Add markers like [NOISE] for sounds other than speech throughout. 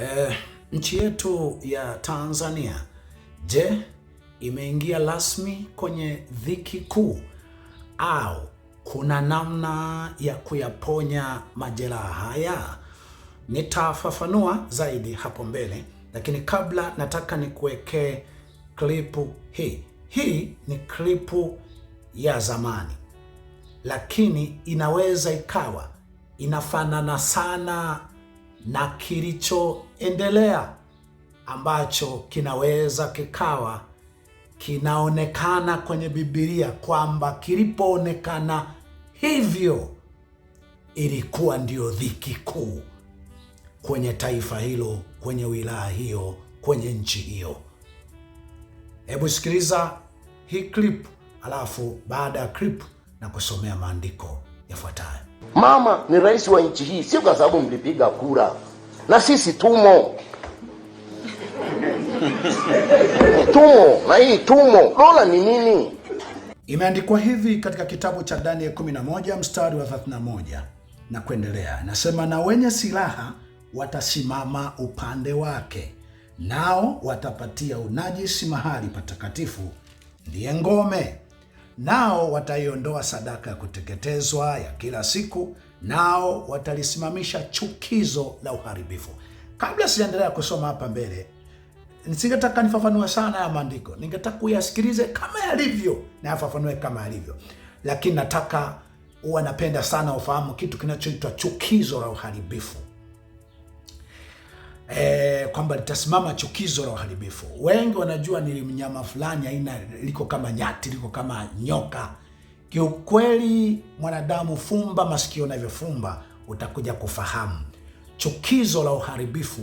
eh, nchi yetu ya Tanzania je, imeingia rasmi kwenye dhiki kuu au kuna namna ya kuyaponya majeraha haya? Nitafafanua zaidi hapo mbele, lakini kabla nataka nikuwekee klipu hii. Hii ni klipu ya zamani, lakini inaweza ikawa inafanana sana na kilichoendelea ambacho kinaweza kikawa kinaonekana kwenye Biblia kwamba kilipoonekana hivyo ilikuwa ndio dhiki kuu kwenye taifa hilo, kwenye wilaya hiyo, kwenye nchi hiyo. Hebu sikiliza hii clip, alafu baada ya clip na kusomea maandiko yafuatayo. Mama ni rais wa nchi hii, sio kwa sababu mlipiga kura, na sisi tumo [LAUGHS] tumo na hii tumo. Dola ni nini? Imeandikwa hivi katika kitabu cha Danieli 11 mstari wa 31 na kuendelea, nasema na wenye silaha watasimama upande wake, nao watapatia unajisi mahali patakatifu, ndiye ngome nao wataiondoa sadaka ya kuteketezwa ya kila siku, nao watalisimamisha chukizo la uharibifu. Kabla sijaendelea kusoma hapa mbele, nisingetaka nifafanue sana ya maandiko, ningetaka kuyasikilize kama yalivyo na yafafanue kama yalivyo, lakini nataka huwa napenda sana ufahamu kitu kinachoitwa chukizo la uharibifu e, kwamba litasimama chukizo la uharibifu. Wengi wanajua ni mnyama fulani aina liko kama nyati, liko kama nyoka. Kiukweli mwanadamu, fumba masikio unavyofumba utakuja kufahamu chukizo la uharibifu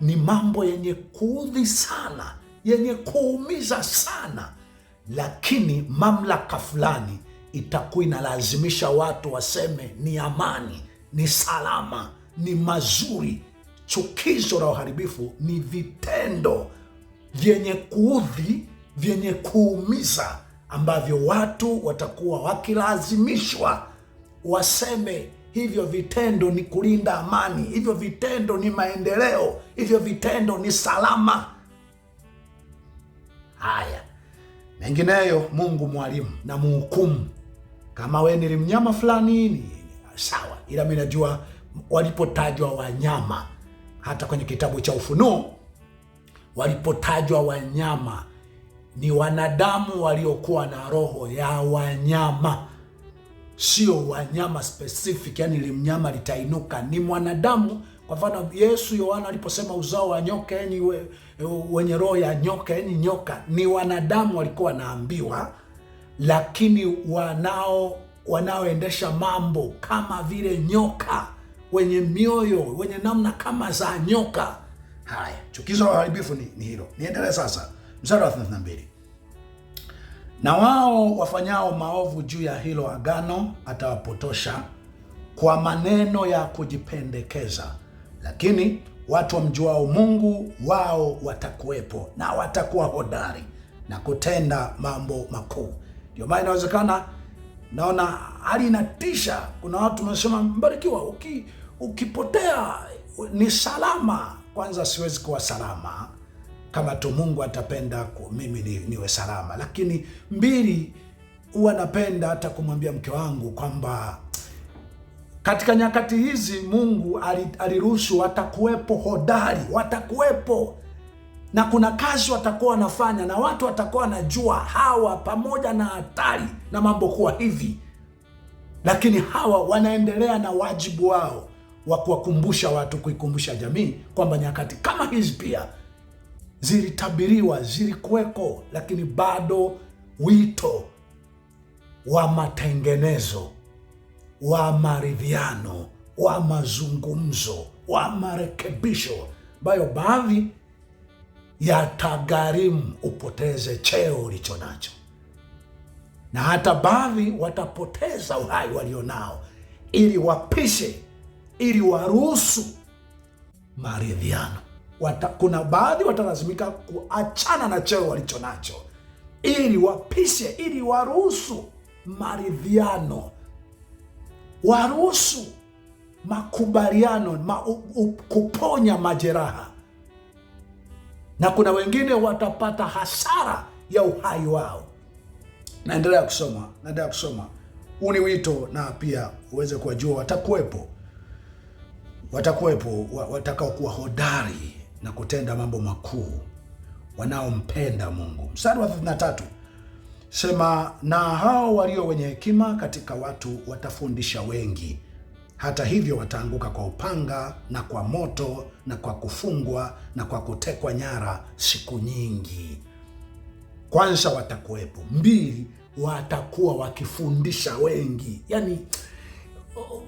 ni mambo yenye kuudhi sana, yenye kuumiza sana, lakini mamlaka fulani itakuwa inalazimisha watu waseme ni amani, ni salama, ni mazuri chukizo la uharibifu ni vitendo vyenye kuudhi, vyenye kuumiza ambavyo watu watakuwa wakilazimishwa waseme hivyo vitendo ni kulinda amani, hivyo vitendo ni maendeleo, hivyo vitendo ni salama. Haya, mengineyo Mungu mwalimu na muhukumu. Kama we nili mnyama fulani ni sawa, ila mi najua walipotajwa wanyama hata kwenye kitabu cha Ufunuo walipotajwa wanyama ni wanadamu waliokuwa na roho ya wanyama, sio wanyama specific, yani ile mnyama litainuka, ni mwanadamu. Kwa mfano Yesu Yohana aliposema uzao wa nyoka, yani we, wenye roho ya nyoka, yani nyoka ni wanadamu walikuwa wanaambiwa, lakini wanao wanaoendesha mambo kama vile nyoka wenye mioyo, wenye namna kama za nyoka. Haya, chukizo la uharibifu ni, ni hilo. Niendelee sasa, mstari wa 32 na wao wafanyao maovu juu ya hilo agano atawapotosha kwa maneno ya kujipendekeza, lakini watu wamjuao Mungu wao watakuwepo na watakuwa hodari na kutenda mambo makuu. Ndio maana inawezekana, naona hali inatisha. Kuna watu wanasema Mbarikiwa, uki ukipotea ni salama. Kwanza siwezi kuwa salama kama tu Mungu atapenda ku, mimi ni, niwe salama. Lakini mbili, huwa napenda hata kumwambia mke wangu kwamba katika nyakati hizi Mungu aliruhusu watakuwepo hodari, watakuwepo na kuna kazi watakuwa wanafanya na watu watakuwa wanajua hawa, pamoja na hatari na mambo kuwa hivi, lakini hawa wanaendelea na wajibu wao wa kuwakumbusha watu, kuikumbusha jamii kwamba nyakati kama hizi pia zilitabiriwa, zilikuweko, lakini bado wito wa matengenezo, wa maridhiano, wa mazungumzo, wa marekebisho ambayo baadhi yatagharimu upoteze cheo ulicho nacho na hata baadhi watapoteza uhai walionao ili wapishe ili waruhusu maridhiano. Kuna baadhi watalazimika kuachana na cheo walicho nacho ili wapishe, ili waruhusu maridhiano, waruhusu makubaliano ma, kuponya majeraha, na kuna wengine watapata hasara ya uhai wao. Naendelea kusoma, naendelea kusoma. Huu ni wito na pia uweze kuwajua watakuwepo watakuwepo watakaokuwa hodari na kutenda mambo makuu wanaompenda Mungu. Mstari wa 33 sema, na hao walio wenye hekima katika watu watafundisha wengi, hata hivyo wataanguka kwa upanga na kwa moto na kwa kufungwa na kwa kutekwa nyara siku nyingi. Kwanza watakuwepo, mbili watakuwa wakifundisha wengi. Yani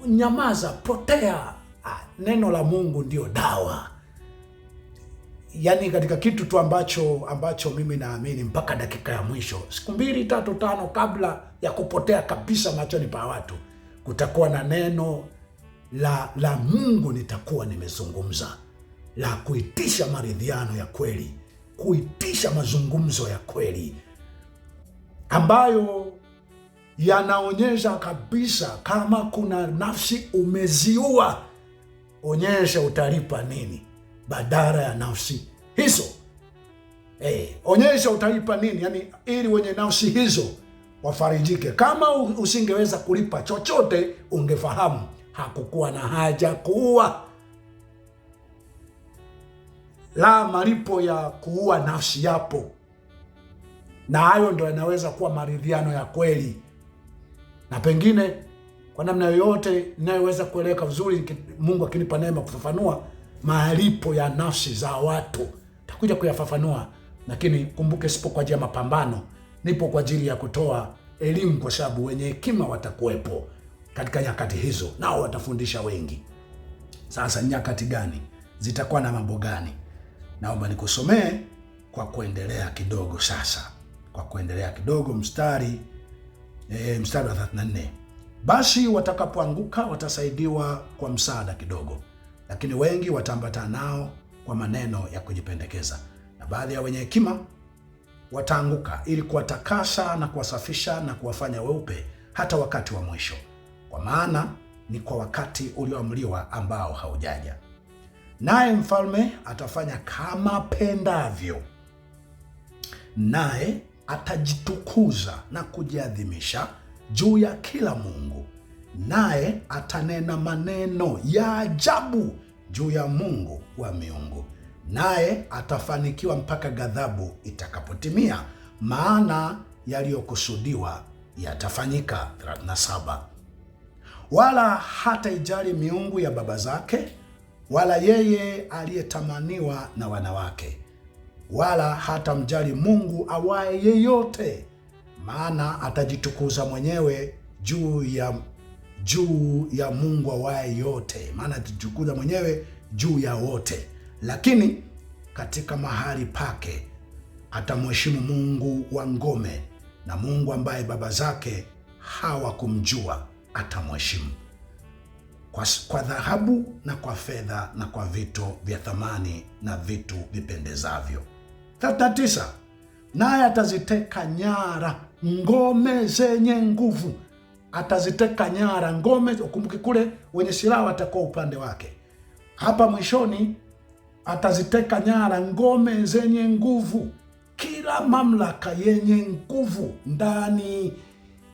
nyamaza, potea Ah, neno la Mungu ndiyo dawa, yaani katika kitu tu ambacho ambacho mimi naamini mpaka dakika ya mwisho, siku mbili tatu tano kabla ya kupotea kabisa machoni pa watu, kutakuwa na neno la la Mungu nitakuwa nimezungumza la kuitisha maridhiano ya kweli, kuitisha mazungumzo ya kweli ambayo yanaonyesha kabisa kama kuna nafsi umeziua onyesha utalipa nini badala ya nafsi hizo. Hey, eh, onyesha utalipa nini, yani ili wenye nafsi hizo wafarijike. Kama usingeweza kulipa chochote, ungefahamu hakukuwa na haja kuua. La, malipo ya kuua nafsi yapo, na hayo ndo yanaweza kuwa maridhiano ya kweli na pengine kwa namna yoyote inayoweza kueleweka vizuri, Mungu akinipa neema kufafanua malipo ya nafsi za watu takuja kuyafafanua, lakini kumbuke, sipo kwa ajili ya mapambano, nipo kwa ajili ya kutoa elimu, kwa sababu wenye hekima watakuwepo katika nyakati hizo, nao watafundisha wengi. Sasa nyakati gani zitakuwa na mambo gani? Naomba nikusomee kwa kuendelea kidogo sasa, kwa kuendelea kidogo mstari e, mstari wa 34 basi watakapoanguka watasaidiwa kwa msaada kidogo, lakini wengi wataambatana nao kwa maneno ya kujipendekeza, na baadhi ya wenye hekima wataanguka ili kuwatakasa na kuwasafisha na kuwafanya weupe hata wakati wa mwisho, kwa maana ni kwa wakati ulioamriwa ambao haujaja. Naye mfalme atafanya kama pendavyo, naye atajitukuza na kujiadhimisha juu ya kila Mungu, naye atanena maneno ya ajabu juu ya Mungu wa miungu, naye atafanikiwa mpaka ghadhabu itakapotimia, maana yaliyokusudiwa yatafanyika. 37 Wala hata ijali miungu ya baba zake, wala yeye aliyetamaniwa na wanawake, wala hata mjali Mungu awaye yeyote maana atajitukuza mwenyewe juu ya juu ya Mungu awaye yote, maana atajitukuza mwenyewe juu ya wote, lakini katika mahali pake atamheshimu Mungu wa ngome, na Mungu ambaye baba zake hawakumjua atamheshimu kwa, kwa dhahabu na kwa fedha na kwa vito vya thamani na vitu vipendezavyo. 39 naye ataziteka nyara ngome zenye nguvu, ataziteka nyara ngome. Ukumbuke kule wenye silaha watakuwa upande wake. Hapa mwishoni, ataziteka nyara ngome zenye nguvu, kila mamlaka yenye nguvu ndani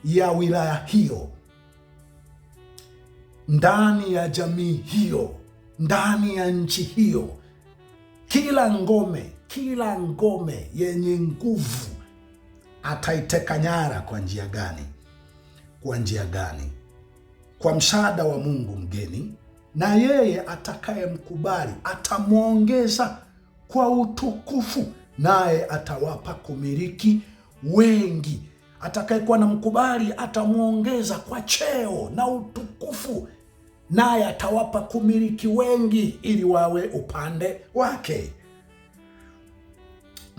ya wilaya hiyo, ndani ya jamii hiyo, ndani ya nchi hiyo, kila ngome kila ngome yenye nguvu ataiteka nyara. Kwa njia gani? Kwa njia gani? Kwa msaada wa Mungu mgeni, na yeye atakayemkubali atamwongeza kwa utukufu, naye atawapa kumiliki wengi. Atakayekuwa na mkubali atamwongeza kwa cheo na utukufu, naye atawapa kumiliki wengi, ili wawe upande wake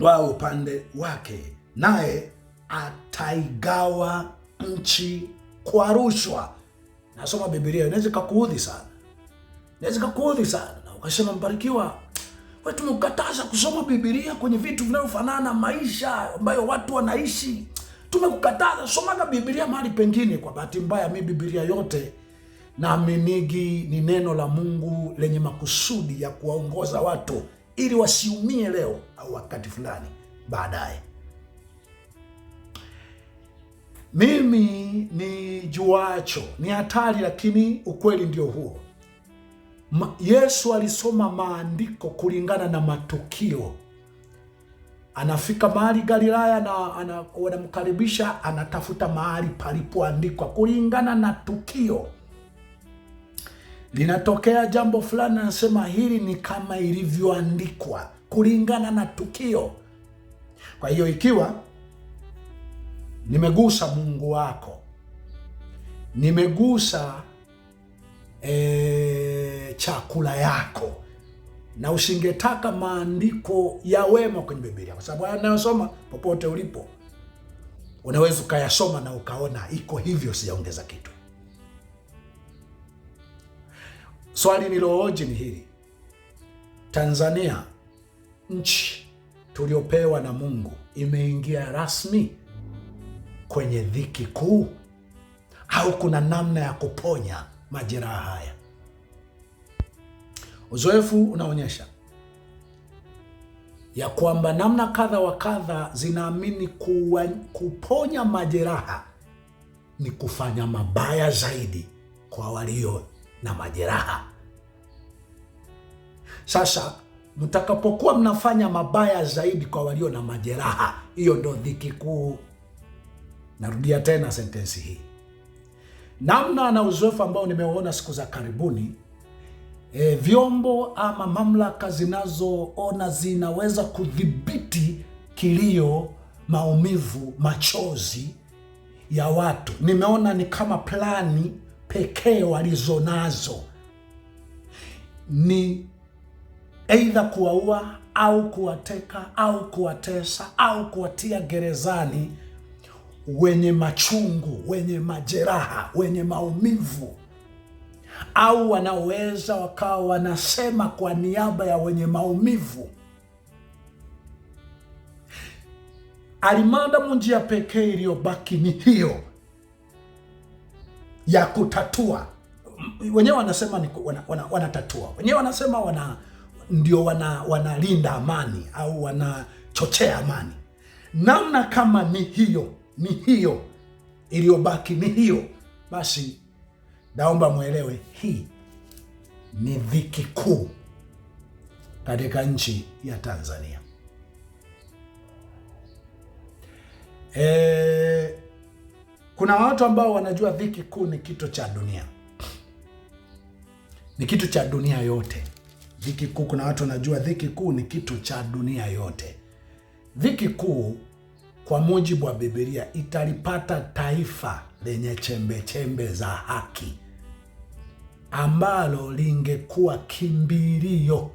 wa upande wake, naye ataigawa nchi kwa rushwa. Nasoma Biblia, inaweza kakuudhi sana, inaweza kakuudhi sana na ukasema, Mbarikiwa, wewe tumekukataza kusoma Biblia kwenye vitu vinavyofanana na maisha ambayo watu wanaishi. Tumekukataza somaga Biblia mahali pengine. Kwa bahati mbaya, mi Biblia yote minigi ni neno la Mungu lenye makusudi ya kuwaongoza watu ili wasiumie leo au wakati fulani baadaye. Mimi ni juacho, ni hatari, lakini ukweli ndio huo. Ma, Yesu alisoma maandiko kulingana na matukio. Anafika mahali Galilaya na wanamkaribisha, anatafuta mahali palipoandikwa kulingana na tukio linatokea jambo fulani, anasema hili ni kama ilivyoandikwa kulingana na tukio. Kwa hiyo ikiwa nimegusa Mungu wako, nimegusa e, chakula yako, na usingetaka maandiko ya wema kwenye Biblia, kwa sababu anayosoma popote ulipo unaweza ukayasoma na ukaona iko hivyo, sijaongeza kitu. Swali nilooji ni hili: Tanzania nchi tuliopewa na Mungu imeingia rasmi kwenye dhiki kuu, au kuna namna ya kuponya majeraha haya? Uzoefu unaonyesha ya kwamba namna kadha wa kadha zinaamini kuwa kuponya majeraha ni kufanya mabaya zaidi kwa walio na majeraha. Sasa mtakapokuwa mnafanya mabaya zaidi kwa walio na majeraha, hiyo ndo dhiki kuu. Narudia tena sentensi hii, namna na uzoefu ambao nimeuona siku za karibuni. E, vyombo ama mamlaka zinazoona zinaweza kudhibiti kilio, maumivu, machozi ya watu nimeona ni kama plani pekee walizonazo ni aidha kuwaua au kuwateka au kuwatesa au kuwatia gerezani, wenye machungu, wenye majeraha, wenye maumivu, au wanaweza wakawa wanasema kwa niaba ya wenye maumivu. Alimadamu, njia pekee iliyobaki ni hiyo ya kutatua wenyewe wanasema ni wanatatua wana, wana wenyewe wanasema wana ndio wana wanalinda amani au wanachochea amani. Namna kama ni hiyo ni hiyo iliyobaki ni hiyo basi, naomba mwelewe hii ni dhiki kuu katika nchi ya Tanzania e... Kuna watu ambao wanajua dhiki kuu ni kitu cha dunia, ni kitu cha dunia yote. Dhiki kuu, kuna watu wanajua dhiki kuu ni kitu cha dunia yote. Dhiki kuu kwa mujibu wa Biblia italipata taifa lenye chembe chembe za haki ambalo lingekuwa kimbilio,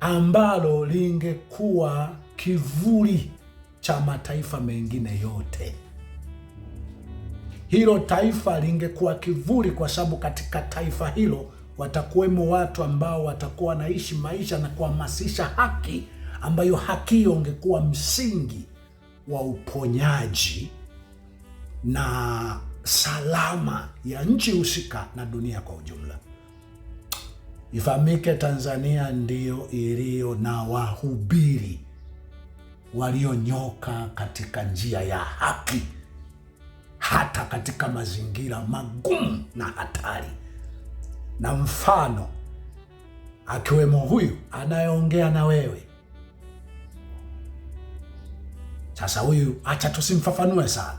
ambalo lingekuwa kivuli cha mataifa mengine yote hilo taifa lingekuwa kivuli, kwa sababu katika taifa hilo watakuwemo watu ambao watakuwa wanaishi maisha na kuhamasisha haki, ambayo haki hiyo ungekuwa msingi wa uponyaji na salama ya nchi husika na dunia kwa ujumla. Ifahamike, Tanzania ndiyo iliyo na wahubiri walionyoka katika njia ya haki hata katika mazingira magumu na hatari. Na mfano akiwemo huyu anayeongea na wewe sasa. Huyu acha tusimfafanue sana,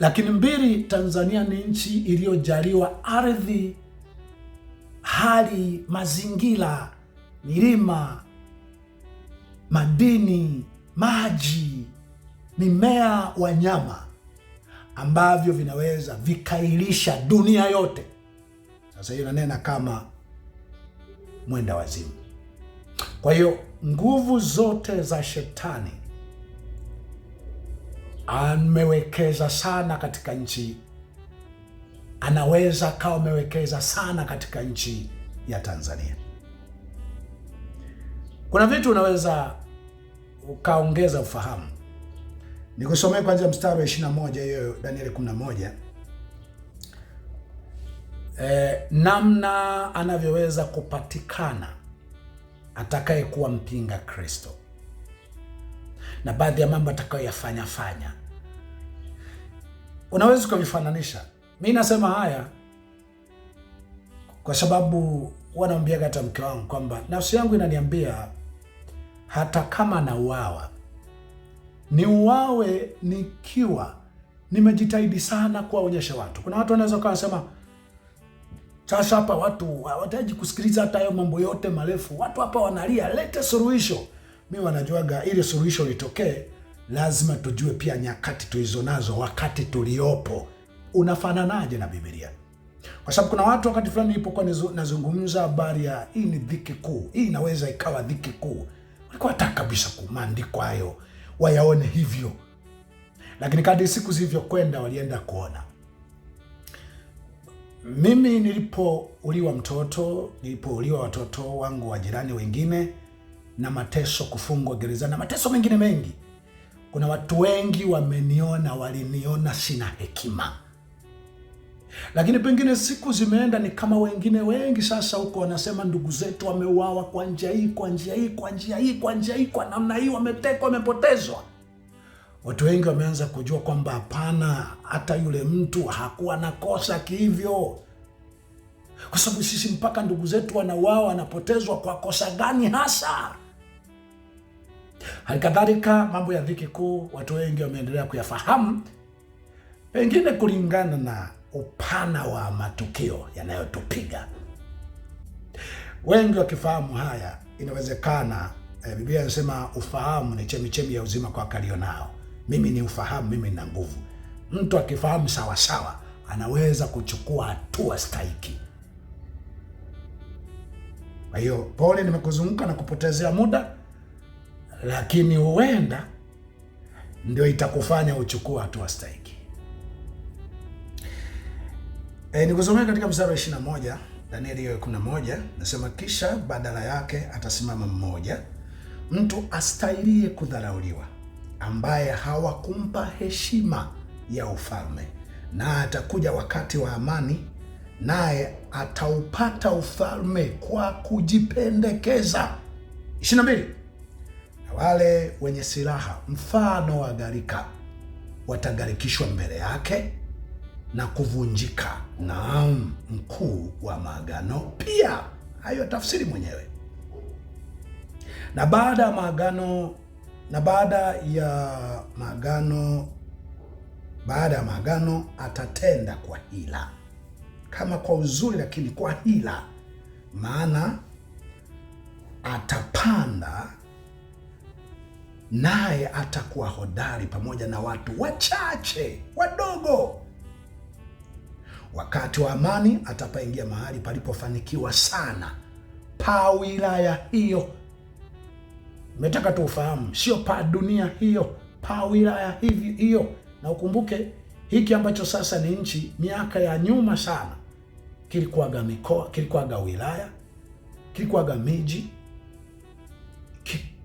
lakini mbili, Tanzania ni nchi iliyojaliwa ardhi, hali, mazingira, milima, madini, maji, mimea, wanyama ambavyo vinaweza vikailisha dunia yote. Sasa hiyo nanena kama mwenda wazimu. Kwa hiyo nguvu zote za shetani amewekeza sana katika nchi, anaweza akawa amewekeza sana katika nchi ya Tanzania. Kuna vitu unaweza ukaongeza ufahamu Nikusomee kwanza mstari wa 21 hiyo Danieli 11. Eh, namna anavyoweza kupatikana atakayekuwa mpinga Kristo na baadhi ya mambo atakayoyafanya fanya, unaweza ukavifananisha. Mi nasema haya kwa sababu wanaambia hata mke wangu kwamba nafsi yangu inaniambia hata kama nauawa ni uwawe nikiwa nimejitahidi sana kuwaonyesha watu. Kuna watu wanaweza kawa sema sasa hapa watu hawataji kusikiliza hata hayo mambo yote marefu, watu hapa wanalia, lete suluhisho. Mi wanajuaga ili suluhisho litokee lazima tujue pia nyakati tulizo nazo, wakati tuliopo unafananaje na Biblia, kwa sababu kuna watu, wakati fulani nilipokuwa nazungumza habari ya hii ni dhiki kuu, hii inaweza ikawa dhiki kuu, walikuwa hata kabisa kumaandiko hayo wayaone hivyo, lakini kadri siku zilivyokwenda walienda kuona. Mimi nilipouliwa mtoto, nilipouliwa watoto wangu wa jirani wengine, na mateso, kufungwa gereza na mateso mengine mengi, kuna watu wengi wameniona, waliniona sina hekima lakini pengine siku zimeenda, ni kama wengine wengi sasa huko wanasema ndugu zetu wameuawa kwa njia hii, kwa njia hii, kwa njia hii, kwa njia hii, kwa namna hii, wametekwa, wamepotezwa. Watu wengi wameanza kujua kwamba hapana, hata yule mtu hakuwa na kosa kihivyo, kwa sababu sisi mpaka ndugu zetu wanauawa, wanapotezwa kwa kosa gani hasa? Halikadhalika, mambo ya dhiki kuu watu wengi wameendelea kuyafahamu, pengine kulingana na upana wa matukio yanayotupiga. Wengi wakifahamu haya, inawezekana eh, Biblia inasema ufahamu ni chemichemi ya uzima kwa kalio nao. Mimi ni ufahamu, mimi nina nguvu. Mtu akifahamu sawa sawa, anaweza kuchukua hatua stahiki. Kwa hiyo pole, nimekuzunguka na kupotezea muda, lakini huenda ndio itakufanya uchukue hatua stahiki. E, eh, kusomea katika mstari wa 21 Danieli hiyo 11 nasema, kisha badala yake atasimama mmoja mtu astahilie kudharauliwa, ambaye hawakumpa heshima ya ufalme, na atakuja wakati wa amani, naye ataupata ufalme kwa kujipendekeza. 22 na wale wenye silaha mfano wa gharika watagarikishwa mbele yake na kuvunjika. Naam, mkuu wa maagano pia, hayo tafsiri mwenyewe. Na baada ya maagano na baada ya maagano baada ya maagano atatenda kwa hila, kama kwa uzuri, lakini kwa hila, maana atapanda naye atakuwa hodari pamoja na watu wachache wadogo Wakati wa amani atapaingia mahali palipofanikiwa sana pa wilaya hiyo. Metaka tuufahamu, sio pa dunia hiyo, pa wilaya hivi hiyo. Na ukumbuke hiki ambacho sasa ni nchi, miaka ya nyuma sana kilikuwaga mikoa, kilikuwaga wilaya, kilikuwaga miji,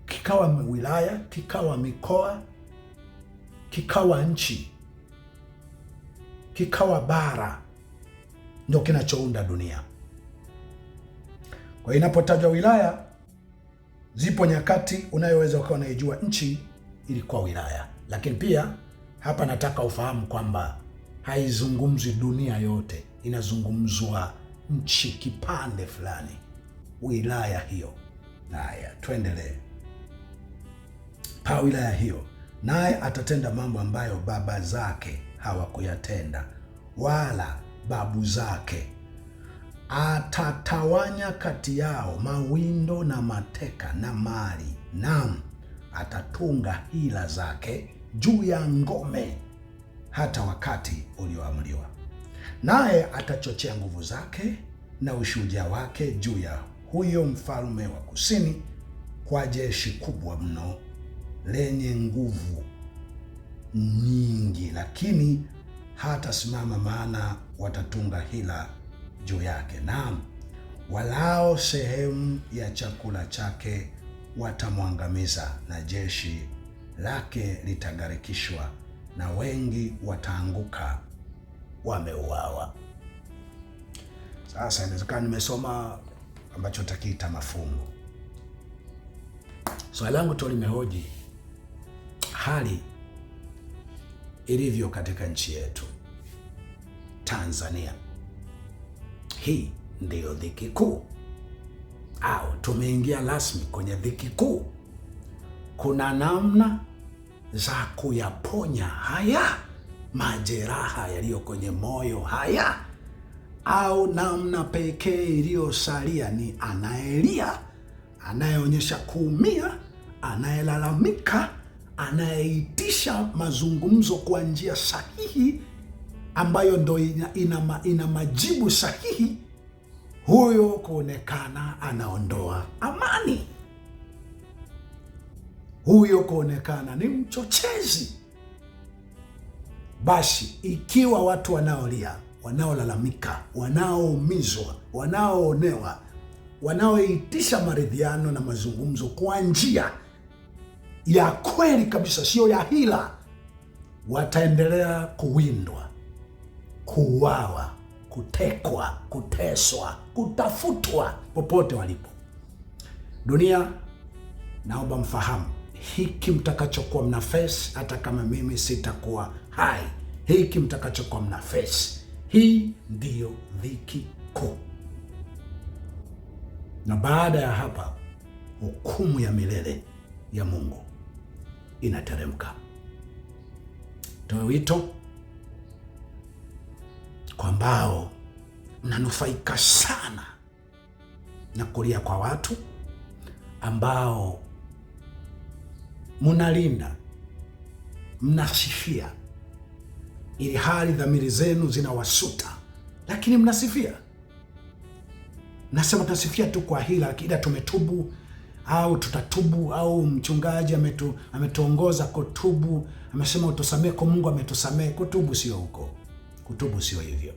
kikawa wilaya, kikawa mikoa, kikawa nchi, kikawa bara ndio kinachounda dunia. Kwa hiyo inapotajwa wilaya, zipo nyakati unayoweza ukawa unaijua nchi ilikuwa wilaya, lakini pia hapa nataka ufahamu kwamba haizungumzwi dunia yote, inazungumzwa nchi kipande fulani, wilaya hiyo. Haya, tuendelee. Pa wilaya hiyo naye atatenda mambo ambayo baba zake hawakuyatenda, wala babu zake, atatawanya kati yao mawindo na mateka na mali, nam atatunga hila zake juu ya ngome hata wakati ulioamriwa, naye atachochea nguvu zake na ushujaa wake juu ya huyo mfalme wa kusini kwa jeshi kubwa mno lenye nguvu nyingi, lakini hatasimama, maana watatunga hila juu yake, naam, walao sehemu ya chakula chake watamwangamiza, na jeshi lake litagharikishwa, na wengi wataanguka wameuawa. Sasa inawezekana nimesoma ambacho takiita mafungo Swali so, langu tu limehoji hali ilivyo katika nchi yetu. Tanzania. Hii ndiyo dhiki kuu, au tumeingia rasmi kwenye dhiki kuu. Kuna namna za kuyaponya haya majeraha yaliyo kwenye moyo haya, au namna pekee iliyosalia ni anayelia, anayeonyesha kuumia, anayelalamika, anayeitisha mazungumzo kwa njia sahihi ambayo ndo ina, ina, ina majibu sahihi, huyo kuonekana anaondoa amani, huyo kuonekana ni mchochezi. Basi ikiwa watu wanaolia, wanaolalamika, wanaoumizwa, wanaoonewa, wanaoitisha maridhiano na mazungumzo kwa njia ya kweli kabisa, sio ya hila, wataendelea kuwindwa kuuawa, kutekwa, kuteswa, kutafutwa popote walipo. Dunia, naomba mfahamu hiki mtakachokuwa mna face, hata kama mimi sitakuwa hai, hiki mtakachokuwa mna face, hii ndiyo dhiki kuu, na baada ya hapa hukumu ya milele ya Mungu inateremka. Toe wito kwa ambao mnanufaika sana na kulia kwa watu ambao mnalinda, mnasifia, ili hali dhamiri zenu zinawasuta, lakini mnasifia. Nasema tunasifia tu kwa hila, lakini ila tumetubu au tutatubu au mchungaji ametu, ametuongoza kutubu, amesema utusamee kwa Mungu ametusamehe. Kutubu sio huko Kutubu sio hivyo.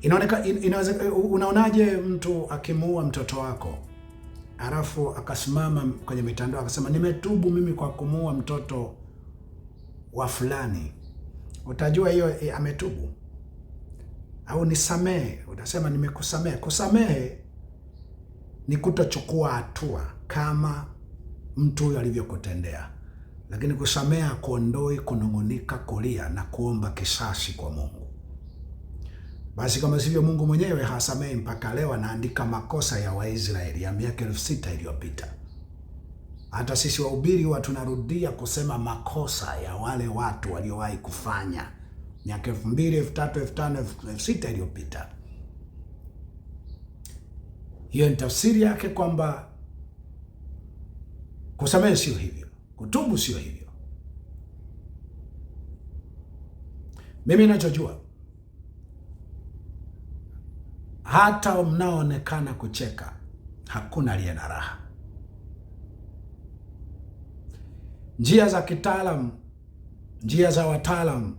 Inaoneka, inaweza, unaonaje mtu akimuua mtoto wako alafu akasimama kwenye mitandao akasema nimetubu mimi kwa kumuua mtoto wa fulani? Utajua hiyo e, ametubu au nisamehe. Utasema nimekusamehe. Kusamehe ni kutochukua hatua kama mtu huyo alivyokutendea lakini kusamea kuondoi kunung'unika, kulia na kuomba kisasi kwa Mungu. Basi kama sivyo, Mungu mwenyewe hasamei mpaka leo anaandika makosa ya Waisraeli ya miaka elfu sita iliyopita. Hata sisi wahubiri huwa tunarudia kusema makosa ya wale watu waliowahi kufanya miaka elfu mbili elfu tatu elfu tano elfu sita iliyopita. Hiyo ni tafsiri yake kwamba kusamehe sio hivyo Kutubu sio hivyo. Mimi ninachojua hata mnaoonekana kucheka, hakuna aliye na raha. Njia za kitaalam njia za wataalam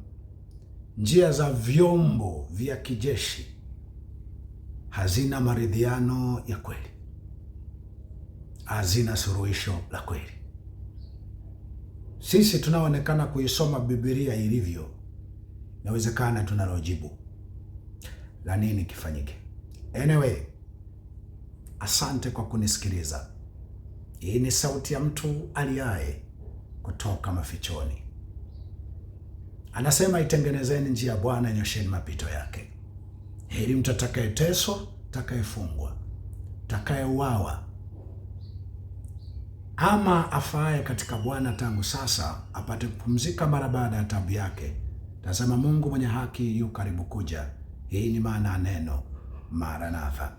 njia za vyombo vya kijeshi hazina maridhiano ya kweli, hazina suluhisho la kweli sisi tunaonekana kuisoma Biblia ilivyo, inawezekana tunalojibu la nini kifanyike. Anyway, asante kwa kunisikiliza. Hii ni sauti ya mtu aliaye kutoka mafichoni. Anasema, itengenezeni njia ya Bwana, nyosheni mapito yake. Heri mtu atakayeteswa, atakayefungwa, atakayeuawa ama afaaye katika Bwana tangu sasa apate kupumzika mara baada ya tabu yake. Tazama, Mungu mwenye haki yu karibu kuja. Hii ni maana ya neno Maranatha.